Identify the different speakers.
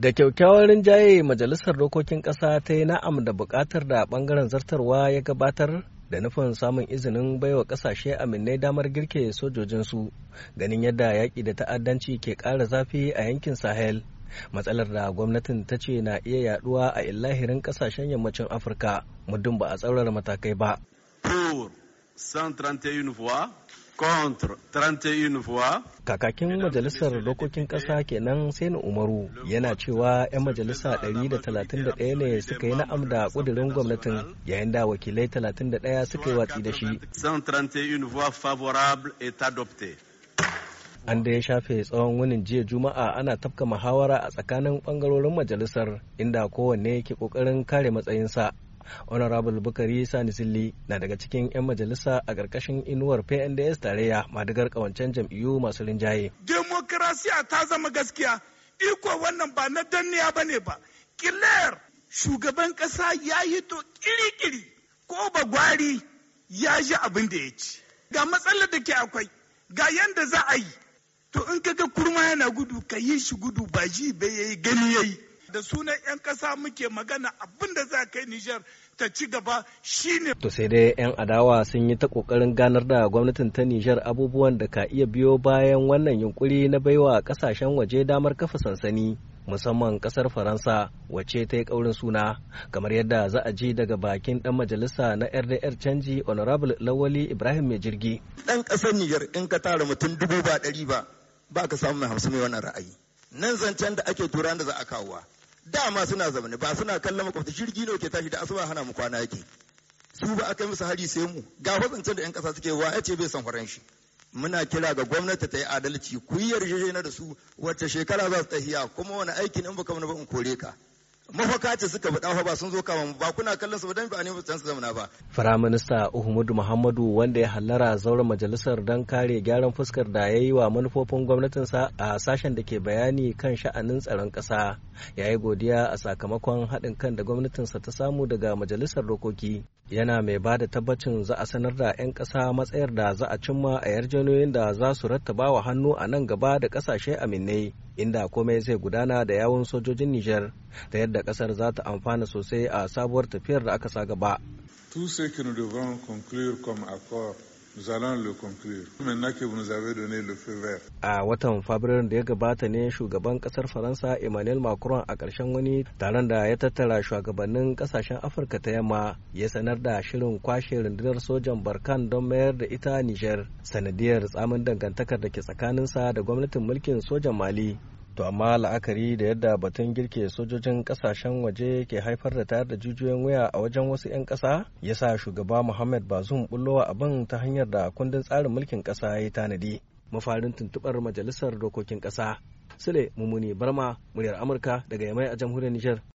Speaker 1: da kyaukyawarin rinjaye majalisar dokokin ƙasa ta yi na'am da buƙatar da ɓangaren zartarwa ya gabatar da nufin samun izinin baiwa ƙasashe aminai damar girke sojojinsu ganin yadda yaƙi da ta'addanci ke ƙara zafi a yankin sahel matsalar da gwamnatin ta ce na iya yaduwa a illahirin ƙasashen yammacin afirka muddin ba a tsaurara matakai ba
Speaker 2: contre 31 voix.
Speaker 1: Kakakin majalisar dokokin ƙasa kenan sai na Umaru yana cewa 'yan majalisa 131 ne suka yi na'am da ƙudurin gwamnatin yayin da wakilai 31 suka yi watsi da shi.
Speaker 2: 131 voix favorable
Speaker 1: an da ya shafe tsawon wani jiya juma'a ana tafka muhawara a tsakanin bangarorin majalisar inda kowanne ke ƙoƙarin kare matsayinsa honorable bukari sani silli na daga cikin 'yan majalisa a ƙarƙashin inuwar pnds tarayya madigar ƙawancen jam'iyyu masu rinjaye
Speaker 2: demokarasiya ta zama gaskiya iko wannan ba na danniya ba ne ba kilayar shugaban ƙasa ya yi to kiri-kiri ko ba gwari ya ji abin da ya ci ga matsalar da ke akwai ga yanda za a yi to in kaga kurma yana gudu ka yi shi gudu ba ji bai yayi gani yayi da sunan 'yan ƙasa muke magana abin
Speaker 1: da za kai Nijar ta ci gaba shine. To sai dai 'yan adawa sun yi ta ƙoƙarin ganar da gwamnatin ta Nijar abubuwan da ka iya biyo bayan wannan yunkuri na baiwa kasashen waje damar kafa sansani. musamman kasar faransa wace ta yi kaurin suna kamar yadda za a ji daga bakin dan majalisa na rdr canji honorable lawali ibrahim mai jirgi
Speaker 2: dan kasar niger in ka tara mutum dubu ba ɗari ba ba ka samu mai hamsin mai wannan ra'ayi nan zancen da ake turan da za a kawowa dama suna zamani ba suna kallon makwabta jirgi ne ke tashi da asuba hana mu kwana yake su ba aka musu hari sai mu ga fatsancin da yan kasa suke wa ya ce bai san horon shi muna kira ga gwamnati ta yi adalci ku yi yarjejena da su wacce shekara za su tahiya kuma wani aikin in baka ba in kore ka mafaka ce suka faɗa ba sun zo kama ba kuna kallon su ba dan ba ne mutan su zamana ba
Speaker 1: Minista Uhumudu Muhammadu wanda ya hallara zauren majalisar don kare gyaran fuskar da yayi wa manufofin gwamnatinsa a sashen da ke bayani kan sha'anin tsaron ƙasa yayi godiya a sakamakon haɗin kan da gwamnatinsa ta samu daga majalisar dokoki yana mai ba da tabbacin za a sanar da 'yan ƙasa matsayar da za a cimma a yarjejeniyoyin da za su rattaba wa hannu a nan gaba da ƙasashe aminai inda komai zai gudana da yawon sojojin Nijar ta yadda kasar za ta amfana sosai a sabuwar tafiyar da aka sa gaba.
Speaker 2: Two seconds que nous accord
Speaker 1: A watan Fabrairu da ya gabata ne shugaban kasar Faransa Emmanuel Macron a ƙarshen wani taron da ya tattara shugabannin kasashen Afirka ta yamma ya sanar da shirin kwashe rundunar sojan Barkan don mayar da ita Nijar sanadiyar tsamin dangantakar da ke tsakaninsa da gwamnatin mulkin sojan Mali. To amma la'akari da yadda batun girke sojojin kasashen waje ke haifar da tayar da jijiyoyin waya a wajen wasu 'yan ƙasa ya sa shugaba Muhammad bazum bullowa abin ta hanyar da kundin tsarin mulkin ƙasa ya yi tanadi. Mafarin tuntuɓar majalisar dokokin ƙasa. Sule Mumuni Barma, muryar Amurka daga Yamai a jamhuriyar Nijar.